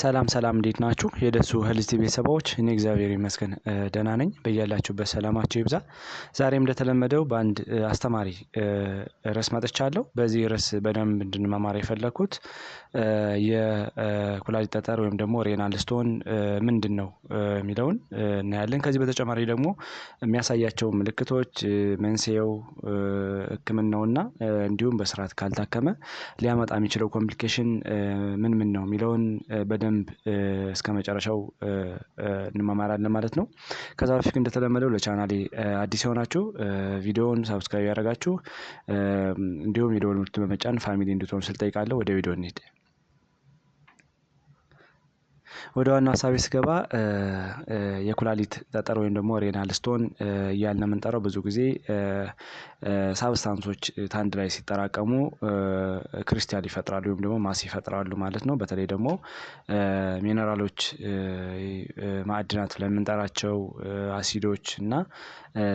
ሰላም ሰላም እንዴት ናችሁ? የደሱ ሄልዝ ቤተሰባዎች፣ ቤተሰቦች፣ እኔ እግዚአብሔር ይመስገን ደህና ነኝ። በያላችሁበት ሰላማችሁ ይብዛ። ዛሬም እንደተለመደው በአንድ አስተማሪ ርዕስ መጥቻለሁ። በዚህ ርዕስ በደንብ እንድንመማር የፈለግኩት የኩላሊት ጠጠር ወይም ደግሞ ሬናል ስቶን ምንድን ነው የሚለውን እናያለን። ከዚህ በተጨማሪ ደግሞ የሚያሳያቸው ምልክቶች፣ መንስኤው፣ ሕክምናውና እንዲሁም በስርዓት ካልታከመ ሊያመጣ የሚችለው ኮምፕሊኬሽን ምን ምን ነው የሚለውን በደ በደንብ እስከ መጨረሻው እንማማራለን ማለት ነው። ከዛ በፊት እንደተለመደው ለቻናሌ አዲስ የሆናችሁ ቪዲዮውን ሳብስክራይብ ያደረጋችሁ እንዲሁም የደወል ምልክቱን በመጫን ፋሚሊ እንድትሆኑ ስል ጠይቃለሁ። ወደ ቪዲዮ እንሂድ። ወደ ዋናው ሀሳቤ ስገባ የኩላሊት ጠጠር ወይም ደግሞ ሬናል ስቶን እያልን የምንጠራው ብዙ ጊዜ ሳብስታንሶች ታንድ ላይ ሲጠራቀሙ ክሪስታል ይፈጥራሉ ወይም ደግሞ ማስ ይፈጥራሉ ማለት ነው። በተለይ ደግሞ ሚነራሎች፣ ማዕድናት ለምንጠራቸው አሲዶች እና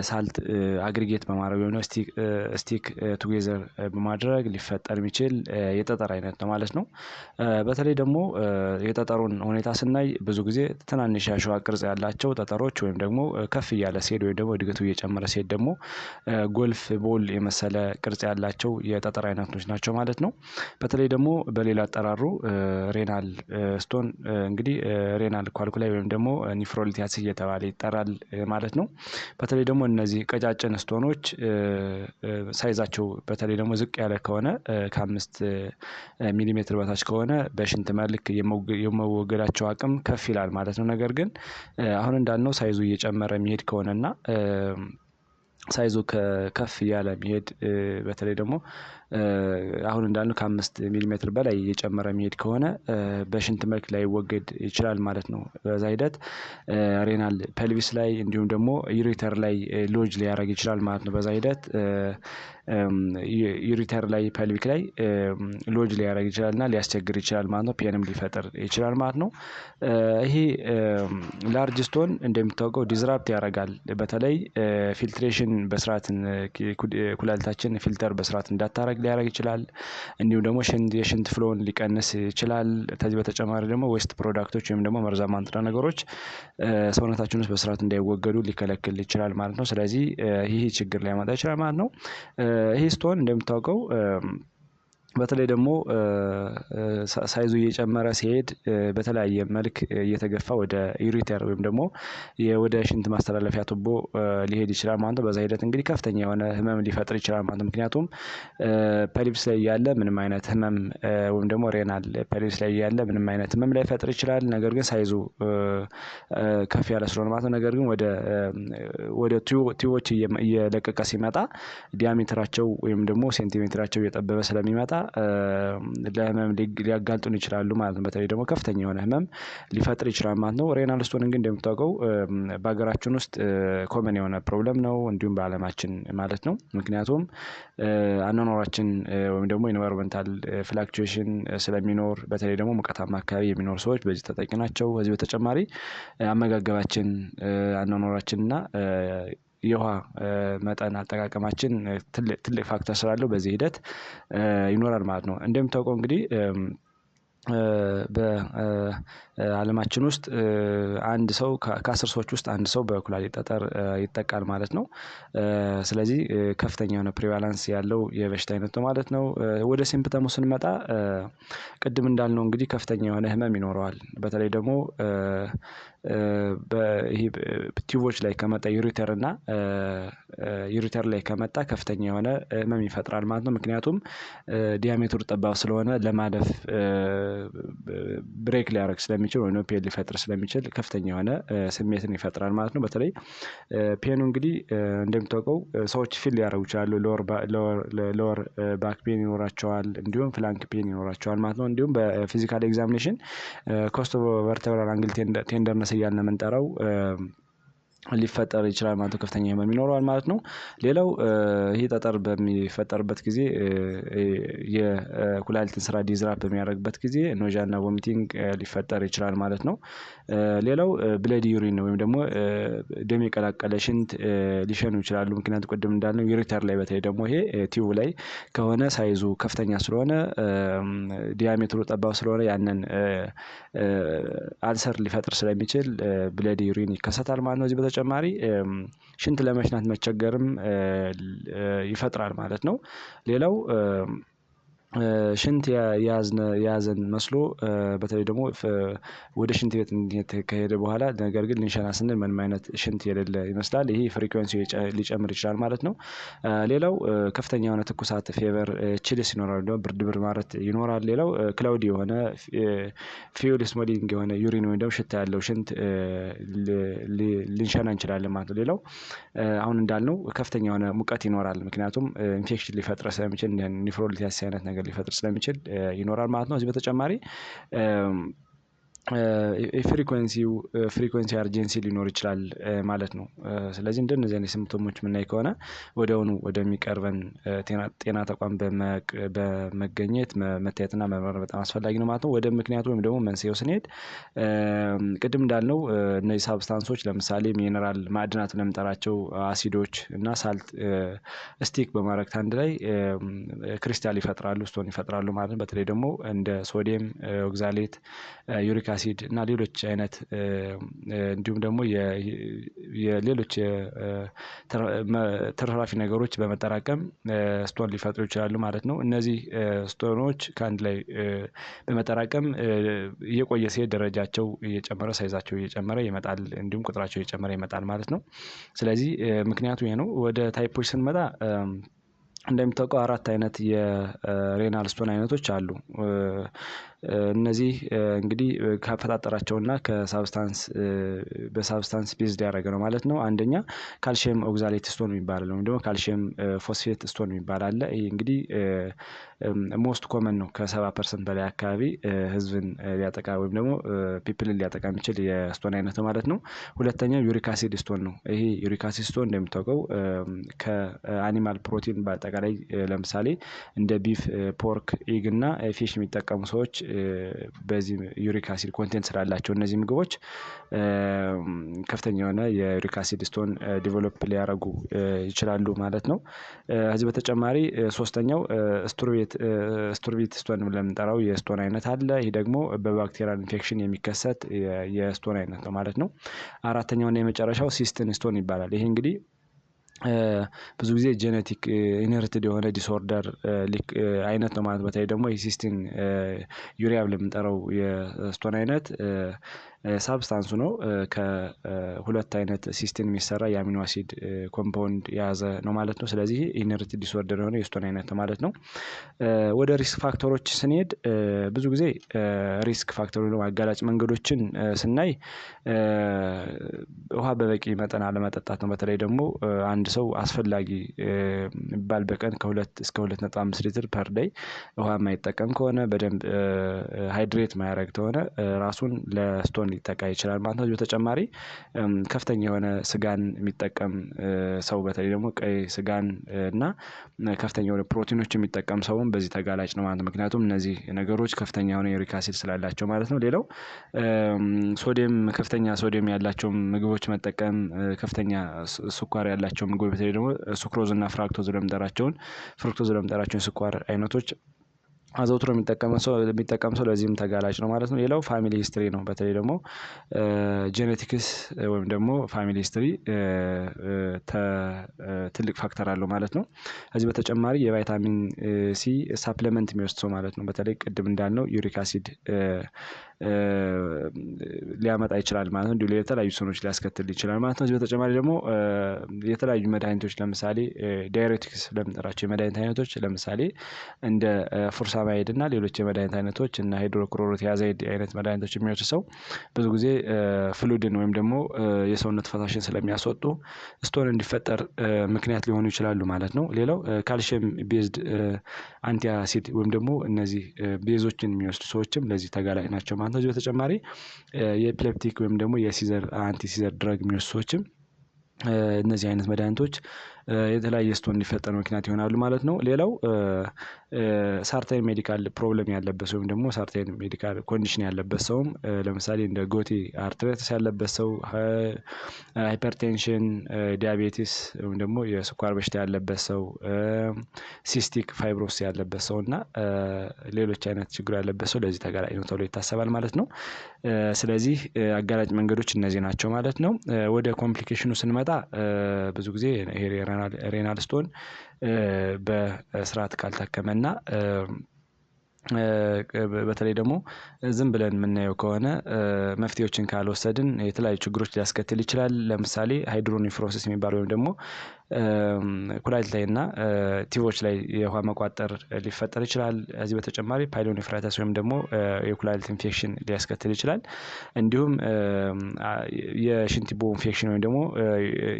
ሳልት አግሪጌት በማድረግ ወይም ስቲክ ቱጌዘር በማድረግ ሊፈጠር የሚችል የጠጠር አይነት ነው ማለት ነው። በተለይ ደግሞ የጠጠሩን ሁኔታ ስናይ ብዙ ጊዜ ትናንሽ የአሸዋ ቅርጽ ያላቸው ጠጠሮች ወይም ደግሞ ከፍ እያለ ሲሄድ ወይም ደግሞ እድገቱ እየጨመረ ሲሄድ ደግሞ ጎልፍ ቦል የመሰለ ቅርጽ ያላቸው የጠጠር አይነቶች ናቸው ማለት ነው። በተለይ ደግሞ በሌላ አጠራሩ ሬናል ስቶን እንግዲህ ሬናል ኳልኩላይ ወይም ደግሞ ኒፍሮሊቲያስ እየተባለ ይጠራል ማለት ነው። በተለይ ደግሞ እነዚህ ቀጫጭን ስቶኖች ሳይዛቸው በተለይ ደግሞ ዝቅ ያለ ከሆነ ከአምስት ሚሊሜትር በታች ከሆነ በሽንት መልክ የመወገዳቸው ያላቸው አቅም ከፍ ይላል ማለት ነው። ነገር ግን አሁን እንዳልነው ሳይዙ እየጨመረ የሚሄድ ከሆነና ሳይዙ ከፍ እያለ ሚሄድ በተለይ ደግሞ አሁን እንዳልነው ከአምስት ሚሊሜትር በላይ እየጨመረ የሚሄድ ከሆነ በሽንት መልክ ወገድ ይችላል ማለት ነው። በዛ ሂደት ሬናል ፐልቪስ ላይ እንዲሁም ደግሞ ዩሪተር ላይ ሎጅ ሊያደርግ ይችላል ማለት ነው። በዛ ሂደት ዩሪተር ላይ ፐልቪክ ላይ ሎጅ ሊያደርግ ይችላል እና ሊያስቸግር ይችላል ማለት ነው። ፔንም ሊፈጥር ይችላል ማለት ነው። ይሄ ላርጅ ስቶን እንደሚታወቀው ዲዝራፕት ያደርጋል። በተለይ ፊልትሬሽን በስርዓት ኩላሊታችን ፊልተር በስርዓት እንዳታረግ ሊያደርግ ይችላል። እንዲሁም ደግሞ የሽንት ፍሎን ሊቀንስ ይችላል። ከዚህ በተጨማሪ ደግሞ ዌስት ፕሮዳክቶች ወይም ደግሞ መርዛማ ንጥረ ነገሮች ሰውነታችን ውስጥ በስርዓት እንዳይወገዱ ሊከለክል ይችላል ማለት ነው። ስለዚህ ይህ ችግር ሊያመጣ ይችላል ማለት ነው። ይህ ስቶን እንደሚታወቀው በተለይ ደግሞ ሳይዙ እየጨመረ ሲሄድ በተለያየ መልክ እየተገፋ ወደ ዩሪተር ወይም ደግሞ ወደ ሽንት ማስተላለፊያ ቱቦ ሊሄድ ይችላል ማለት ነው። በዛ ሂደት እንግዲህ ከፍተኛ የሆነ ህመም ሊፈጥር ይችላል ማለት ነው። ምክንያቱም ፐሊፕስ ላይ ያለ ምንም አይነት ህመም ወይም ደግሞ ሬናል ፐሊፕስ ላይ ያለ ምንም አይነት ህመም ላይፈጥር ይችላል። ነገር ግን ሳይዙ ከፍ ያለ ስለሆነ ማለት ነው። ነገር ግን ወደ ቲዎች እየለቀቀ ሲመጣ ዲያሜትራቸው ወይም ደግሞ ሴንቲሜትራቸው እየጠበበ ስለሚመጣ ለህመም ሊያጋልጡን ይችላሉ ማለት ነው። በተለይ ደግሞ ከፍተኛ የሆነ ህመም ሊፈጥር ይችላል ማለት ነው። ሬናል ስቶን እንግዲህ እንደምታውቀው በሀገራችን ውስጥ ኮመን የሆነ ፕሮብለም ነው፣ እንዲሁም በዓለማችን ማለት ነው። ምክንያቱም አኗኗራችን ወይም ደግሞ ኢንቫይሮመንታል ፍላክቹዌሽን ስለሚኖር በተለይ ደግሞ ሙቀታማ አካባቢ የሚኖሩ ሰዎች በዚህ ተጠቂ ናቸው። ከዚህ በተጨማሪ አመጋገባችን አኗኗራችንና የውሃ መጠን አጠቃቀማችን ትልቅ ፋክተር ስላለው በዚህ ሂደት ይኖራል ማለት ነው። እንደምታውቀው እንግዲህ በዓለማችን ውስጥ አንድ ሰው ከአስር ሰዎች ውስጥ አንድ ሰው በኩላሊት ጠጠር ይጠቃል ማለት ነው። ስለዚህ ከፍተኛ የሆነ ፕሪቫላንስ ያለው የበሽታ አይነት ነው ማለት ነው። ወደ ሲምፕተሙ ስንመጣ ቅድም እንዳልነው እንግዲህ ከፍተኛ የሆነ ህመም ይኖረዋል። በተለይ ደግሞ ይሄ ላይ ከመጣ ዩሪተር እና ዩሪተር ላይ ከመጣ ከፍተኛ የሆነ ህመም ይፈጥራል ማለት ነው። ምክንያቱም ዲያሜትሩ ጠባብ ስለሆነ ለማለፍ ብሬክ ሊያደርግ ስለሚችል ወይም ፔን ሊፈጥር ስለሚችል ከፍተኛ የሆነ ስሜትን ይፈጥራል ማለት ነው። በተለይ ፔኑ እንግዲህ እንደሚታወቀው ሰዎች ፊል ሊያደርጉ ይችላሉ። ሎወር ባክ ፔን ይኖራቸዋል እንዲሁም ፍላንክ ፔን ይኖራቸዋል ማለት ነው። እንዲሁም በፊዚካል ኤግዛሚኔሽን ኮስቶ ቨርተብራል አንግል ቴንደርነስ እያልን የምንጠራው ሊፈጠር ይችላል ማለት ነው። ከፍተኛ ህመም ይኖረዋል ማለት ነው። ሌላው ይህ ጠጠር በሚፈጠርበት ጊዜ የኩላሊትን ስራ ዲዝራፕ በሚያደርግበት ጊዜ ኖዣና ቮሚቲንግ ሊፈጠር ይችላል ማለት ነው። ሌላው ብለድ ዩሪን ነው ወይም ደግሞ ደም የቀላቀለ ሽንት ሊሸኑ ይችላሉ። ምክንያቱ ቅድም እንዳልነው ዩሪተር ላይ በተለይ ደግሞ ይሄ ቲዩብ ላይ ከሆነ ሳይዙ ከፍተኛ ስለሆነ ዲያሜትሩ ጠባብ ስለሆነ ያንን አልሰር ሊፈጥር ስለሚችል ብለድ ዩሪን ይከሰታል ማለት ነው። በተጨማሪ ሽንት ለመሽናት መቸገርም ይፈጥራል ማለት ነው። ሌላው ሽንት የያዘን መስሎ በተለይ ደግሞ ወደ ሽንት ቤት ከሄደ በኋላ ነገር ግን ልንሸና ስንል ምንም አይነት ሽንት የሌለ ይመስላል። ይሄ ፍሪኩዌንሲ ሊጨምር ይችላል ማለት ነው። ሌላው ከፍተኛ የሆነ ትኩሳት፣ ፌቨር፣ ችልስ ይኖራል። ደግሞ ብርድ ብር ማለት ይኖራል። ሌላው ክላውዲ የሆነ ፊውል ስሜሊንግ የሆነ ዩሪን ወይም ደግሞ ሽታ ያለው ሽንት ልንሸና እንችላለን ማለት ነው። ሌላው አሁን እንዳልነው ከፍተኛ የሆነ ሙቀት ይኖራል። ምክንያቱም ኢንፌክሽን ሊፈጥረ ስለሚችል ኒፍሮሊቲያስ አይነት ነገር ነገር ሊፈጥር ስለሚችል ይኖራል ማለት ነው። እዚህ በተጨማሪ የፍሪኮንሲው ፍሪኮንሲ አርጀንሲ ሊኖር ይችላል ማለት ነው። ስለዚህ እንደነዚህ አይነት ሲምፕቶሞች የምናይ ከሆነ ወዲያውኑ ወደሚቀርበን ጤና ተቋም በመገኘት መታየትና መመር በጣም አስፈላጊ ነው ማለት ነው። ወደ ምክንያቱ ወይም ደግሞ መንስኤው ስንሄድ ቅድም እንዳልነው እነዚህ ሳብስታንሶች ለምሳሌ ሚነራል ማዕድናት ለምንጠራቸው አሲዶች እና ሳልት ስቲክ በማድረግ አንድ ላይ ክሪስታል ይፈጥራሉ ስቶን ይፈጥራሉ ማለት ነው። በተለይ ደግሞ እንደ ሶዲየም ኦግዛሌት ዩሪክ አሲድ እና ሌሎች አይነት እንዲሁም ደግሞ የሌሎች ተረራፊ ነገሮች በመጠራቀም ስቶን ሊፈጥሩ ይችላሉ ማለት ነው። እነዚህ ስቶኖች ከአንድ ላይ በመጠራቀም እየቆየ ሲሄድ ደረጃቸው እየጨመረ ሳይዛቸው እየጨመረ ይመጣል፣ እንዲሁም ቁጥራቸው እየጨመረ ይመጣል ማለት ነው። ስለዚህ ምክንያቱ ይሄ ነው። ወደ ታይፖች ስንመጣ እንደሚታወቀው አራት አይነት የሬናል ስቶን አይነቶች አሉ። እነዚህ እንግዲህ ካፈጣጠራቸውና ከሳብስታንስ በሳብስታንስ ቤዝድ ያደረገ ነው ማለት ነው። አንደኛ ካልሽየም ኦግዛሌት ስቶን የሚባል ነው ወይም ደግሞ ካልሽየም ፎስፌት ስቶን የሚባል አለ። ይህ እንግዲህ ሞስት ኮመን ነው። ከሰባ ፐርሰንት በላይ አካባቢ ህዝብን ሊያጠቃ ወይም ደግሞ ፒፕልን ሊያጠቃ የሚችል የስቶን አይነት ነው ማለት ነው። ሁለተኛው ዩሪካሲድ ስቶን ነው። ይሄ ዩሪካሲድ ስቶን እንደሚታወቀው ከአኒማል ፕሮቲን በአጠቃላይ ለምሳሌ እንደ ቢፍ፣ ፖርክ፣ ኢግ እና ፊሽ የሚጠቀሙ ሰዎች በዚህ ዩሪክ አሲድ ኮንቴንት ስላላቸው እነዚህ ምግቦች ከፍተኛ የሆነ የዩሪክ አሲድ ስቶን ዲቨሎፕ ሊያረጉ ይችላሉ ማለት ነው። ከዚህ በተጨማሪ ሶስተኛው ስቱርቤት ስቶን ለምንጠራው የስቶን አይነት አለ። ይህ ደግሞ በባክቴሪያል ኢንፌክሽን የሚከሰት የስቶን አይነት ነው ማለት ነው። አራተኛውና የመጨረሻው ሲስትን ስቶን ይባላል። ይሄ እንግዲህ ብዙ ጊዜ ጄኔቲክ ኢንሄሪትድ eh, የሆነ ዲስኦርደር eh, eh, አይነት ነው ማለት በተለይ ደግሞ የሲስቲን ዩሪያ ብለን የስቶን አይነት ሳብስታንሱ ነው። ከሁለት አይነት ሲስቲን የሚሰራ የአሚኖ አሲድ ኮምፓውንድ የያዘ ነው ማለት ነው። ስለዚህ ኢነርት ዲስኦርደር የሆነ የስቶን አይነት ማለት ነው። ወደ ሪስክ ፋክተሮች ስንሄድ ብዙ ጊዜ ሪስክ ፋክተር አጋላጭ መንገዶችን ስናይ ውሃ በበቂ መጠን አለመጠጣት ነው። በተለይ ደግሞ አንድ ሰው አስፈላጊ ባል በቀን ከሁለት እስከ ሁለት ነጥብ አምስት ሊትር ፐር ደይ ውሃ የማይጠቀም ከሆነ በደንብ ሃይድሬት ማያረግ ከሆነ ራሱን ለስቶን በጣም ሊጠቃ ይችላል ማለት ነው። በተጨማሪ ከፍተኛ የሆነ ስጋን የሚጠቀም ሰው በተለይ ደግሞ ቀይ ስጋን እና ከፍተኛ የሆነ ፕሮቲኖች የሚጠቀም ሰውም በዚህ ተጋላጭ ነው ማለት ነው። ምክንያቱም እነዚህ ነገሮች ከፍተኛ የሆነ ዩሪክ አሲድ ስላላቸው ማለት ነው። ሌላው ሶዲየም ከፍተኛ ሶዲየም ያላቸው ምግቦች መጠቀም ከፍተኛ ስኳር ያላቸው ምግቦች በተለይ ደግሞ ሱክሮዝ እና ፍራክቶዝ ለምጠራቸውን ፍሩክቶዝ ለምጠራቸውን ስኳር አይነቶች አዘውትሮ የሚጠቀም ሰው ለዚህም ተጋላጭ ነው ማለት ነው። ሌላው ፋሚሊ ሂስትሪ ነው። በተለይ ደግሞ ጄኔቲክስ ወይም ደግሞ ፋሚሊ ሂስትሪ ትልቅ ፋክተር አለው ማለት ነው። ከዚህ በተጨማሪ የቫይታሚን ሲ ሳፕሊመንት የሚወስድ ሰው ማለት ነው። በተለይ ቅድም እንዳልነው ዩሪክ አሲድ ሊያመጣ ይችላል ማለት ነው። እንዲሁ የተለያዩ ሰኖች ሊያስከትል ይችላል ማለት ነው። እዚህ በተጨማሪ ደግሞ የተለያዩ መድኃኒቶች ለምሳሌ ዳይሬቲክስ ለምንጠራቸው የመድኃኒት አይነቶች ለምሳሌ እንደ ፉርሳ ታባይድ እና ሌሎች የመድኃኒት አይነቶች እና ሃይድሮክሎሮቲያዛይድ አይነት መድኃኒቶች የሚወስድ ሰው ብዙ ጊዜ ፍሉድን ወይም ደግሞ የሰውነት ፈሳሽን ስለሚያስወጡ ስቶን እንዲፈጠር ምክንያት ሊሆኑ ይችላሉ ማለት ነው። ሌላው ካልሽየም ቤዝድ አንቲአሲድ ወይም ደግሞ እነዚህ ቤዞችን የሚወስዱ ሰዎችም ለዚህ ተጋላጭ ናቸው ማለት ነው። በተጨማሪ የኤፒሌፕቲክ ወይም ደግሞ የሲዘር አንቲሲዘር ድረግ የሚወስዱ ሰዎችም እነዚህ አይነት መድኃኒቶች የተለያየ ስቶን እንዲፈጠር ምክንያት ይሆናሉ ማለት ነው። ሌላው ሳርታይን ሜዲካል ፕሮብለም ያለበት ሰው ወይም ደግሞ ሳርታይን ሜዲካል ኮንዲሽን ያለበት ሰውም ለምሳሌ እንደ ጎቴ አርትሬትስ ያለበት ሰው፣ ሃይፐርቴንሽን፣ ዲያቤቲስ ወይም ደግሞ የስኳር በሽታ ያለበት ሰው፣ ሲስቲክ ፋይብሮስ ያለበት ሰው እና ሌሎች አይነት ችግር ያለበት ሰው ለዚህ ተጋላጭ ነው ተብሎ ይታሰባል ማለት ነው። ስለዚህ አጋላጭ መንገዶች እነዚህ ናቸው ማለት ነው። ወደ ኮምፕሊኬሽኑ ስንመጣ ብዙ ጊዜ ይሄ ሬናል ስቶን በስርዓት ካልታከመና በተለይ ደግሞ ዝም ብለን የምናየው ከሆነ መፍትሄዎችን ካልወሰድን የተለያዩ ችግሮች ሊያስከትል ይችላል። ለምሳሌ ሃይድሮኒፍሮሲስ የሚባል ወይም ደግሞ ኩላሊት ላይ እና ቲቦች ላይ የውሃ መቋጠር ሊፈጠር ይችላል። ከዚህ በተጨማሪ ፓይሎኒፍራይተስ ወይም ደግሞ የኩላሊት ኢንፌክሽን ሊያስከትል ይችላል። እንዲሁም የሽንቲቦ ኢንፌክሽን ወይም ደግሞ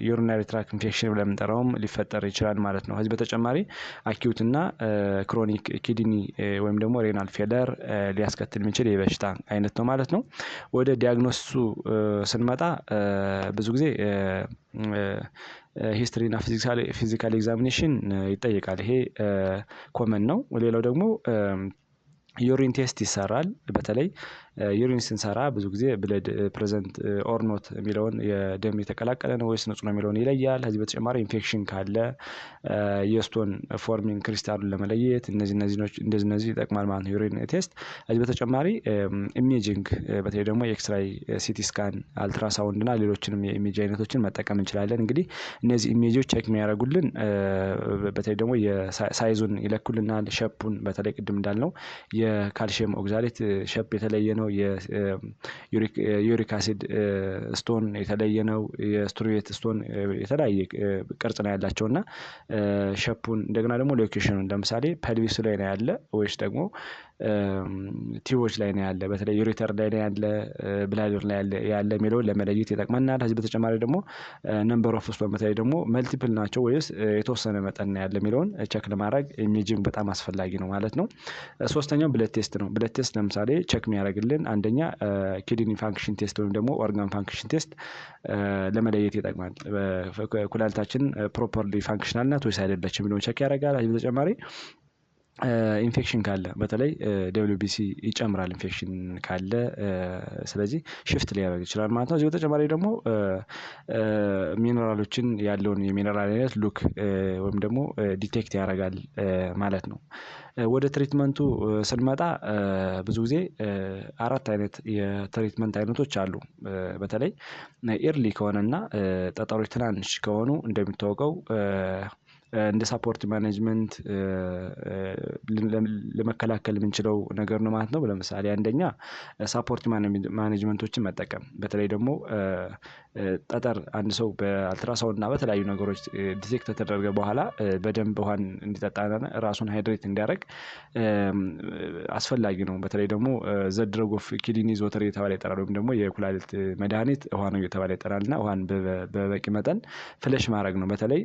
ዩሪናሪ ትራክ ኢንፌክሽን ብለን ሊፈጠር ይችላል ማለት ነው። ከዚህ በተጨማሪ አኪዩት እና ክሮኒክ ኪድኒ ወይም ደግሞ ደግሞ ሬናል ፌለር ሊያስከትል የሚችል የበሽታ አይነት ነው ማለት ነው። ወደ ዲያግኖሱ ስንመጣ ብዙ ጊዜ ሂስትሪና ፊዚካል ኤግዛሚኔሽን ይጠይቃል። ይሄ ኮመን ነው። ሌላው ደግሞ ዩሪን ቴስት ይሰራል። በተለይ ዩሪን ስንሰራ ብዙ ጊዜ ብለድ ፕሬዘንት ኦርኖት የሚለውን የደም የተቀላቀለ ነው ወይስ ንጹህ ነው የሚለውን ይለያል። ከዚህ በተጨማሪ ኢንፌክሽን ካለ የስቶን ፎርሚንግ ክሪስታሉን ለመለየት እነዚህ እንደዚህ እነዚህ ይጠቅማል ማለት ነው ዩሪን ቴስት። ከዚህ በተጨማሪ ኢሜጂንግ በተለይ ደግሞ የኤክስራይ፣ ሲቲ ስካን፣ አልትራሳውንድ እና ሌሎችንም የኢሜጅ አይነቶችን መጠቀም እንችላለን። እንግዲህ እነዚህ ኢሜጆች ቼክ የሚያደርጉልን በተለይ ደግሞ ሳይዙን ይለኩልናል፣ ሸፑን በተለይ ቅድም እንዳልነው የካልሽየም ኦግዛሌት ሸፕ የተለየ ነው። የዩሪክ አሲድ ስቶን የተለየ ነው። የስትሩዌት ስቶን የተለያየ ቅርጽ ነው ያላቸው እና ሸፑን እንደገና ደግሞ ሎኬሽኑን ለምሳሌ ፐልቪሱ ላይ ነው ያለ ወይስ ደግሞ ቲዎች ላይ ነው ያለ በተለይ ዩሬተር ላይ ነው ያለ ብላዶር ላይ ያለ የሚለውን ለመለየት ይጠቅመናል። ከዚህ በተጨማሪ ደግሞ ነምበር ኦፍ ስፐርም በተለይ ደግሞ መልቲፕል ናቸው ወይስ የተወሰነ መጠን ያለ የሚለውን ቸክ ለማድረግ ኢሜጂንግ በጣም አስፈላጊ ነው ማለት ነው። ሶስተኛው ብለድ ቴስት ነው። ብለድ ቴስት ለምሳሌ ቸክ የሚያደርግልን አንደኛ ኪድኒ ፋንክሽን ቴስት ወይም ደግሞ ኦርጋን ፋንክሽን ቴስት ለመለየት ይጠቅማል። ኩላሊታችን ፕሮፐርሊ ፋንክሽናል ናት ወይስ አይደለችም የሚለውን ቸክ ያደርጋል። ከዚህ በተጨማሪ ኢንፌክሽን ካለ በተለይ ደብሊው ቢሲ ይጨምራል ኢንፌክሽን ካለ ስለዚህ ሽፍት ሊያደርግ ይችላል ማለት ነው። እዚህ በተጨማሪ ደግሞ ሚነራሎችን ያለውን የሚነራል አይነት ሉክ ወይም ደግሞ ዲቴክት ያደርጋል ማለት ነው። ወደ ትሪትመንቱ ስንመጣ ብዙ ጊዜ አራት አይነት የትሪትመንት አይነቶች አሉ። በተለይ ኤርሊ ከሆነና ጠጠሮች ትናንሽ ከሆኑ እንደሚታወቀው እንደ ሳፖርት ማኔጅመንት ለመከላከል የምንችለው ነገር ነው ማለት ነው። ለምሳሌ አንደኛ ሳፖርት ማኔጅመንቶችን መጠቀም በተለይ ደግሞ ጠጠር አንድ ሰው በአልትራሳውን እና በተለያዩ ነገሮች ዲቴክት ከተደረገ በኋላ በደንብ ውሃን እንዲጠጣና ራሱን ሃይድሬት እንዲያደርግ አስፈላጊ ነው። በተለይ ደግሞ ዘድረግ ኦፍ ኪድኒ ዞተር እየተባለ ይጠራል ወይም ደግሞ የኩላሊት መድኃኒት ውሃ ነው እየተባለ ይጠራል እና ውሃን በበቂ መጠን ፍለሽ ማድረግ ነው። በተለይ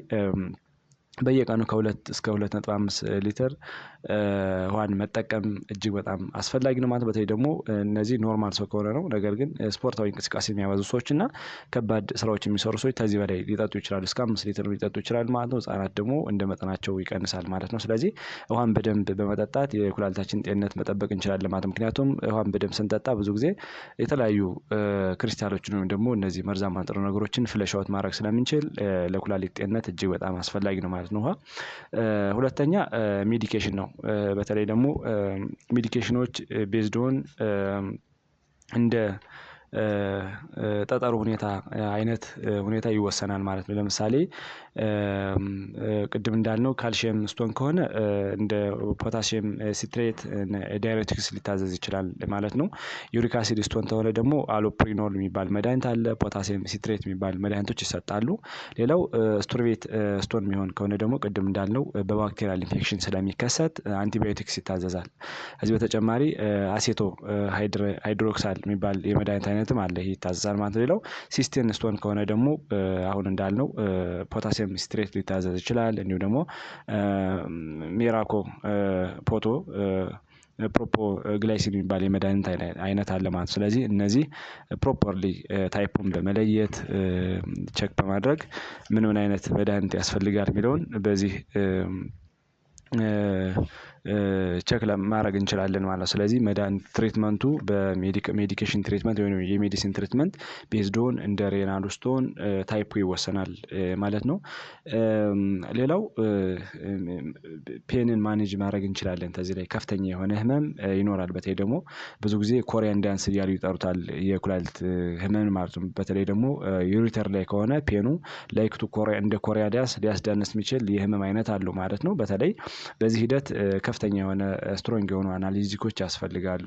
በየቀኑ ከሁለት እስከ ሁለት ነጥብ አምስት ሊትር ውሃን መጠቀም እጅግ በጣም አስፈላጊ ነው ማለት በተለይ ደግሞ እነዚህ ኖርማል ሰው ከሆነ ነው። ነገር ግን ስፖርታዊ እንቅስቃሴ የሚያበዙ ሰዎች እና ከባድ ስራዎች የሚሰሩ ሰዎች ከዚህ በላይ ሊጠጡ ይችላሉ። እስከ አምስት ሊትር ሊጠጡ ይችላሉ ማለት ነው። ህጻናት ደግሞ እንደ መጠናቸው ይቀንሳል ማለት ነው። ስለዚህ ውሃን በደንብ በመጠጣት የኩላሊታችን ጤንነት መጠበቅ እንችላለን ማለት ምክንያቱም ውሃን በደንብ ስንጠጣ ብዙ ጊዜ የተለያዩ ክሪስታሎችን ወይም ደግሞ እነዚህ መርዛማ ንጥረ ነገሮችን ፍለሻወት ማድረግ ስለምንችል ለኩላሊት ጤንነት እጅግ በጣም አስፈላጊ ነው ማለት ነው። ማለት ነው ውሃ። ሁለተኛ ሜዲኬሽን ነው። በተለይ ደግሞ ሜዲኬሽኖች ቤዝድ ኦን እንደ ጠጠሩ ሁኔታ አይነት ሁኔታ ይወሰናል ማለት ነው። ለምሳሌ ቅድም እንዳልነው ካልሽየም ስቶን ከሆነ እንደ ፖታሽየም ሲትሬት ዳይሬቲክስ ሊታዘዝ ይችላል ማለት ነው። ዩሪክ አሲድ ስቶን ተሆነ ደግሞ አሎፕሪኖል የሚባል መድኃኒት አለ። ፖታሲየም ሲትሬት የሚባል መድኃኒቶች ይሰጣሉ። ሌላው ስቱርቤት ስቶን የሚሆን ከሆነ ደግሞ ቅድም እንዳልነው በባክቴሪያል ኢንፌክሽን ስለሚከሰት አንቲባዮቲክስ ይታዘዛል። ከዚህ በተጨማሪ አሴቶ ሃይድሮክሳል የሚባል የመድኃኒት አይነትም አለ። ይሄ ይታዘዛል ማለት ነው። ሌላው ሲስቴን ስቶን ከሆነ ደግሞ አሁን እንዳልነው ፖታሲየም ስትሬት ሊታዘዝ ይችላል። እንዲሁም ደግሞ ሚራኮ ፖቶ ፕሮፖ ግላይሲን የሚባል የመድኃኒት አይነት አለ ማለት። ስለዚህ እነዚህ ፕሮፐርሊ ታይፑን በመለየት ቸክ በማድረግ ምን ምን አይነት መድኃኒት ያስፈልጋል የሚለውን በዚህ ቸክ ማድረግ እንችላለን ማለት ስለዚህ መድኃኒት ትሪትመንቱ በሜዲኬሽን ትሪትመንት ወይም የሜዲሲን ትሪትመንት ቤዝዶን እንደ ሬናል ስቶን ታይፑ ይወሰናል ማለት ነው። ሌላው ፔንን ማኔጅ ማድረግ እንችላለን። ከዚህ ላይ ከፍተኛ የሆነ ህመም ይኖራል። በተለይ ደግሞ ብዙ ጊዜ ኮሪያን ዳንስ እያሉ ይጠሩታል የኩላሊት ህመም ማለት ነው። በተለይ ደግሞ ዩሪተር ላይ ከሆነ ፔኑ ላይክቱ እንደ ኮሪያ ዳንስ ሊያስዳንስ የሚችል የህመም አይነት አለው ማለት ነው። በተለይ በዚህ ሂደት ከፍተኛ የሆነ ስትሮንግ የሆኑ አናሊዚኮች ያስፈልጋሉ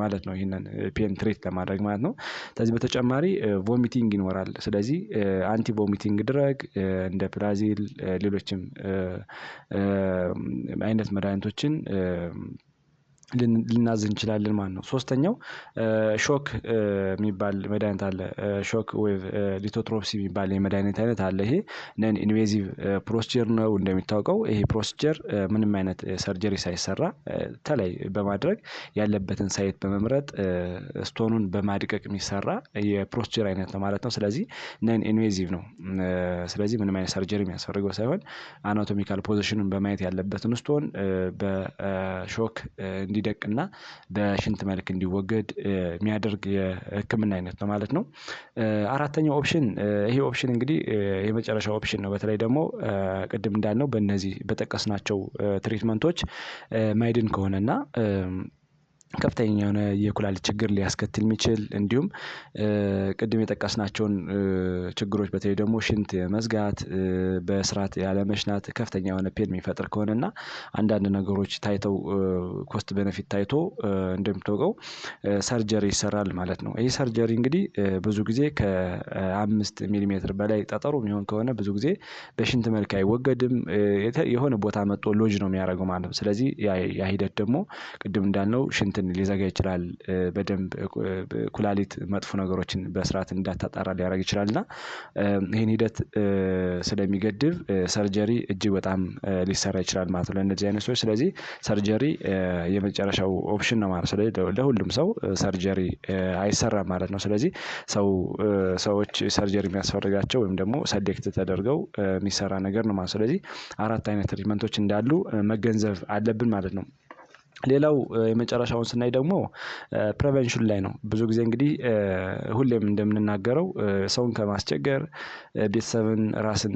ማለት ነው። ይህንን ፔንትሬት ለማድረግ ማለት ነው። ከዚህ በተጨማሪ ቮሚቲንግ ይኖራል። ስለዚህ አንቲ ቮሚቲንግ ድረግ እንደ ፕራዚል ሌሎችም አይነት መድኃኒቶችን ልናዝ እንችላለን ማለት ነው። ሶስተኛው ሾክ የሚባል መድኃኒት አለ። ሾክ ዌቭ ሊቶትሮፕሲ የሚባል የመድኃኒት አይነት አለ። ይሄ ነን ኢንቬዚቭ ፕሮሲጀር ነው። እንደሚታወቀው ይሄ ፕሮሲጀር ምንም አይነት ሰርጀሪ ሳይሰራ ተለይ በማድረግ ያለበትን ሳይት በመምረጥ ስቶኑን በማድቀቅ የሚሰራ የፕሮሲጀር አይነት ነው ማለት ነው። ስለዚህ ነን ኢንቬዚቭ ነው። ስለዚህ ምንም አይነት ሰርጀሪ የሚያስፈልገው ሳይሆን አናቶሚካል ፖዚሽኑን በማየት ያለበትን ስቶን በሾክ እንዲደቅና በሽንት መልክ እንዲወገድ የሚያደርግ የህክምና አይነት ነው ማለት ነው። አራተኛው ኦፕሽን ይሄ ኦፕሽን እንግዲህ የመጨረሻው ኦፕሽን ነው። በተለይ ደግሞ ቅድም እንዳልነው በእነዚህ በጠቀስናቸው ትሪትመንቶች ማይድን ከሆነና ከፍተኛ የሆነ የኩላሊት ችግር ሊያስከትል የሚችል እንዲሁም ቅድም የጠቀስናቸውን ችግሮች በተለይ ደግሞ ሽንት መዝጋት በስርዓት ያለመሽናት ከፍተኛ የሆነ ፔን የሚፈጥር ከሆነ አንዳንድ ነገሮች ታይተው ኮስት በነፊት ታይቶ እንደሚታወቀው ሰርጀሪ ይሰራል ማለት ነው። ይህ ሰርጀሪ እንግዲህ ብዙ ጊዜ ከአምስት ሚሊሜትር በላይ ጠጠሩ የሚሆን ከሆነ ብዙ ጊዜ በሽንት መልክ አይወገድም የሆነ ቦታ መጥቶ ሎጅ ነው የሚያደርገው ማለት ነው። ስለዚህ ያ ሂደት ደግሞ ቅድም እንዳልነው ሽንት እንትን ሊዘጋ ይችላል። በደንብ ኩላሊት መጥፎ ነገሮችን በስርዓት እንዳታጣራ ሊያደርግ ይችላል። እና ይህን ሂደት ስለሚገድብ ሰርጀሪ እጅግ በጣም ሊሰራ ይችላል ማለት ነው። ለእነዚህ አይነት ሰዎች ስለዚህ ሰርጀሪ የመጨረሻው ኦፕሽን ነው ማለት ነው። ስለዚህ ለሁሉም ሰው ሰርጀሪ አይሰራም ማለት ነው። ስለዚህ ሰው ሰዎች ሰርጀሪ የሚያስፈልጋቸው ወይም ደግሞ ሰሌክት ተደርገው የሚሰራ ነገር ነው ማለት ነው። ስለዚህ አራት አይነት ትሪትመንቶች እንዳሉ መገንዘብ አለብን ማለት ነው ሌላው የመጨረሻውን ስናይ ደግሞ ፕሬቨንሽን ላይ ነው። ብዙ ጊዜ እንግዲህ ሁሌም እንደምንናገረው ሰውን ከማስቸገር ቤተሰብን፣ ራስን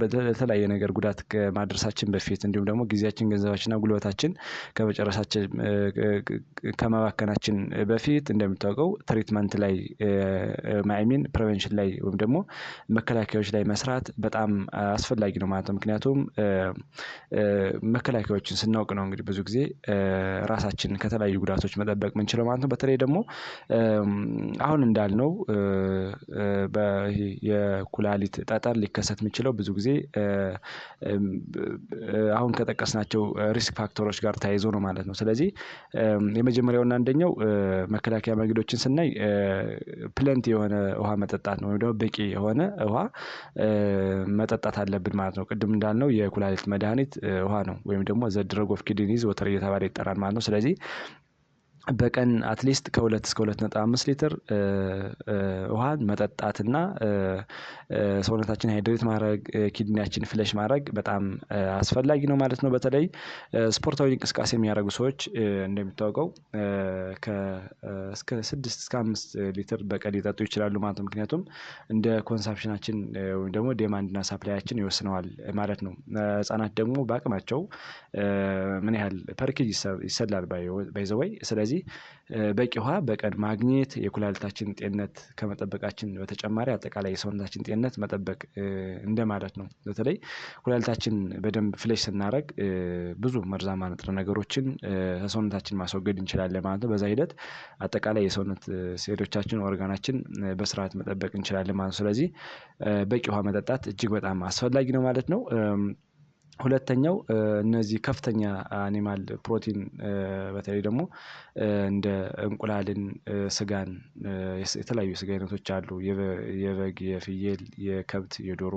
በተለያየ ነገር ጉዳት ከማድረሳችን በፊት እንዲሁም ደግሞ ጊዜያችን፣ ገንዘባችንና ጉልበታችን ከመጨረሳችን ከመባከናችን በፊት እንደሚታወቀው ትሪትመንት ላይ ማይሚን ፕሬቨንሽን ላይ ወይም ደግሞ መከላከያዎች ላይ መስራት በጣም አስፈላጊ ነው ማለት ነው። ምክንያቱም መከላከያዎችን ስናውቅ ነው እንግዲህ ብዙ ጊዜ ራሳችን ከተለያዩ ጉዳቶች መጠበቅ የምንችለው ማለት ነው። በተለይ ደግሞ አሁን እንዳልነው የኩላሊት ጠጠር ሊከሰት የሚችለው ብዙ ጊዜ አሁን ከጠቀስናቸው ሪስክ ፋክተሮች ጋር ተያይዞ ነው ማለት ነው። ስለዚህ የመጀመሪያውና አንደኛው መከላከያ መንገዶችን ስናይ ፕለንት የሆነ ውሃ መጠጣት ነው ወይም ደግሞ በቂ የሆነ ውሃ መጠጣት አለብን ማለት ነው። ቅድም እንዳልነው የኩላሊት መድኃኒት ውሃ ነው ወይም ደግሞ ዘ ኦፍ ወተር እየተባለ ይጠራል ማለት ነው። ስለዚህ በቀን አትሊስት ከሁለት እስከ ሁለት ነጥብ አምስት ሊትር ውሃን መጠጣትና ሰውነታችን ሃይድሬት ማድረግ ኪድኒያችን ፍለሽ ማድረግ በጣም አስፈላጊ ነው ማለት ነው። በተለይ ስፖርታዊ እንቅስቃሴ የሚያደርጉ ሰዎች እንደሚታወቀው እስከ ስድስት እስከ አምስት ሊትር በቀን ሊጠጡ ይችላሉ ማለት ነው። ምክንያቱም እንደ ኮንሳምፕሽናችን ወይም ደግሞ ዴማንድና ሳፕላያችን ይወስነዋል ማለት ነው። ህፃናት ደግሞ በአቅማቸው ምን ያህል ፐር ይሰላል ባይዘወይ ስለዚህ ስለዚህ በቂ ውሃ በቀን ማግኘት የኩላሊታችን ጤንነት ከመጠበቃችን በተጨማሪ አጠቃላይ የሰውነታችን ጤንነት መጠበቅ እንደማለት ነው። በተለይ ኩላሊታችን በደንብ ፍሌሽ ስናደርግ ብዙ መርዛማ ንጥረ ነገሮችን ከሰውነታችን ማስወገድ እንችላለን ማለት ነው። በዛ ሂደት አጠቃላይ የሰውነት ሴሎቻችን ኦርጋናችን በስርዓት መጠበቅ እንችላለን ማለት ነው። ስለዚህ በቂ ውሃ መጠጣት እጅግ በጣም አስፈላጊ ነው ማለት ነው። ሁለተኛው እነዚህ ከፍተኛ አኒማል ፕሮቲን በተለይ ደግሞ እንደ እንቁላልን፣ ስጋን የተለያዩ የስጋ አይነቶች አሉ የበግ፣ የፍየል፣ የከብት፣ የዶሮ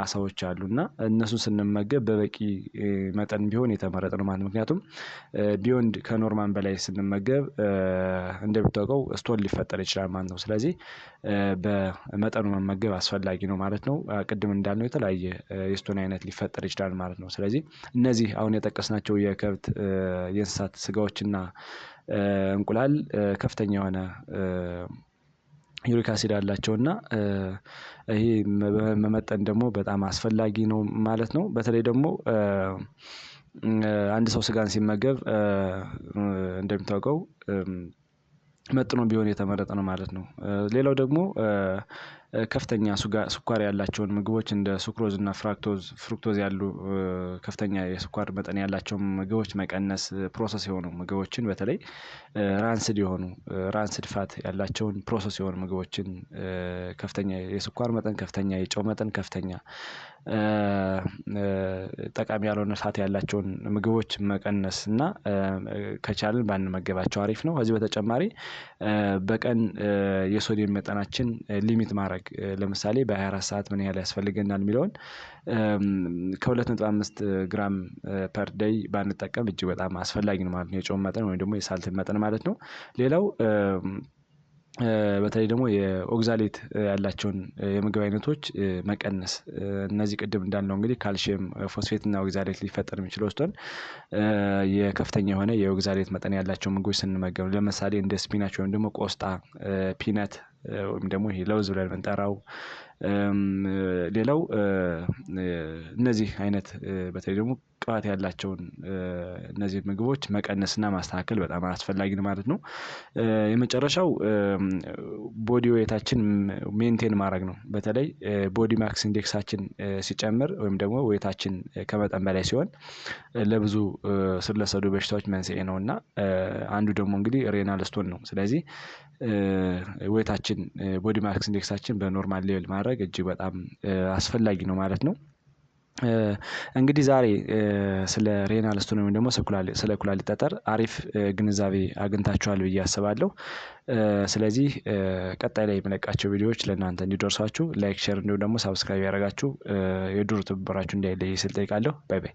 አሳዎች አሉ እና እነሱን ስንመገብ በበቂ መጠን ቢሆን የተመረጠ ነው ማለት ምክንያቱም ቢዮንድ ከኖርማን በላይ ስንመገብ እንደሚታወቀው ስቶን ሊፈጠር ይችላል ማለት ነው። ስለዚህ በመጠኑ መመገብ አስፈላጊ ነው ማለት ነው። ቅድም እንዳልነው የተለያየ የስቶን አይነት ሊፈጠር ይችላል ማለት ነው። ስለዚህ እነዚህ አሁን የጠቀስናቸው የከብት የእንስሳት ስጋዎችና እንቁላል ከፍተኛ የሆነ ዩሪክ አሲድ አላቸው እና ይሄ መመጠን ደግሞ በጣም አስፈላጊ ነው ማለት ነው። በተለይ ደግሞ አንድ ሰው ስጋን ሲመገብ እንደሚታወቀው መጥኖ ቢሆን የተመረጠ ነው ማለት ነው። ሌላው ደግሞ ከፍተኛ ስኳር ያላቸውን ምግቦች እንደ ሱክሮዝ እና ፍራክቶዝ ፍሩክቶዝ ያሉ ከፍተኛ የስኳር መጠን ያላቸውን ምግቦች መቀነስ ፕሮሰስ የሆኑ ምግቦችን በተለይ ራንስድ የሆኑ ራንስድ ፋት ያላቸውን ፕሮሰስ የሆኑ ምግቦችን ከፍተኛ የስኳር መጠን ከፍተኛ የጨው መጠን ከፍተኛ ጠቃሚ ያልሆነ ሳት ያላቸውን ምግቦች መቀነስ እና ከቻልን ባንመገባቸው አሪፍ ነው። ከዚህ በተጨማሪ በቀን የሶዲየም መጠናችን ሊሚት ማድረግ ለምሳሌ በ24 ሰዓት ምን ያህል ያስፈልገናል የሚለውን ከ2.5 ግራም ፐር ባንጠቀም እጅግ በጣም አስፈላጊ ነው ማለት ነው። የጨውም መጠን ወይም ደግሞ የሳልትን መጠን ማለት ነው። ሌላው በተለይ ደግሞ የኦግዛሌት ያላቸውን የምግብ አይነቶች መቀነስ እነዚህ ቅድም እንዳልነው እንግዲህ ካልሽየም ፎስፌት እና ኦግዛሌት ሊፈጠር የሚችለው ሲሆን የከፍተኛ የሆነ የኦግዛሌት መጠን ያላቸው ምግቦች ስንመገብ ለምሳሌ እንደ ስፒናች ወይም ደግሞ ቆስጣ ፒነት ወይም ደግሞ ይሄ ለውዝ ብለን የምንጠራው ሌላው እነዚህ አይነት በተለይ ደግሞ ቅባት ያላቸውን እነዚህ ምግቦች መቀነስና ማስተካከል በጣም አስፈላጊ ነው ማለት ነው። የመጨረሻው ቦዲ ዌታችን ሜንቴን ማድረግ ነው። በተለይ ቦዲ ማክስ ኢንዴክሳችን ሲጨምር ወይም ደግሞ ዌታችን ከመጠን በላይ ሲሆን ለብዙ ስለሰዱ በሽታዎች መንስኤ ነው እና አንዱ ደግሞ እንግዲህ ሬናል ስቶን ነው። ስለዚህ ዌታችን ቦዲ ማክስ ኢንዴክሳችን በኖርማል ሌቭል ማድረግ እጅግ በጣም አስፈላጊ ነው ማለት ነው እንግዲህ ዛሬ ስለ ሬናል ስቶን ወይም ደግሞ ስለ ኩላሊት ጠጠር አሪፍ ግንዛቤ አግኝታችኋል ብዬ አስባለሁ። ስለዚህ ቀጣይ ላይ የምለቃቸው ቪዲዮዎች ለእናንተ እንዲደርሷችሁ ላይክ፣ ሼር እንዲሁም ደግሞ ሳብስክራይብ ያደረጋችሁ የዱር ትብብራችሁ እንዳይለይ ስል ጠይቃለሁ። ባይ ባይ።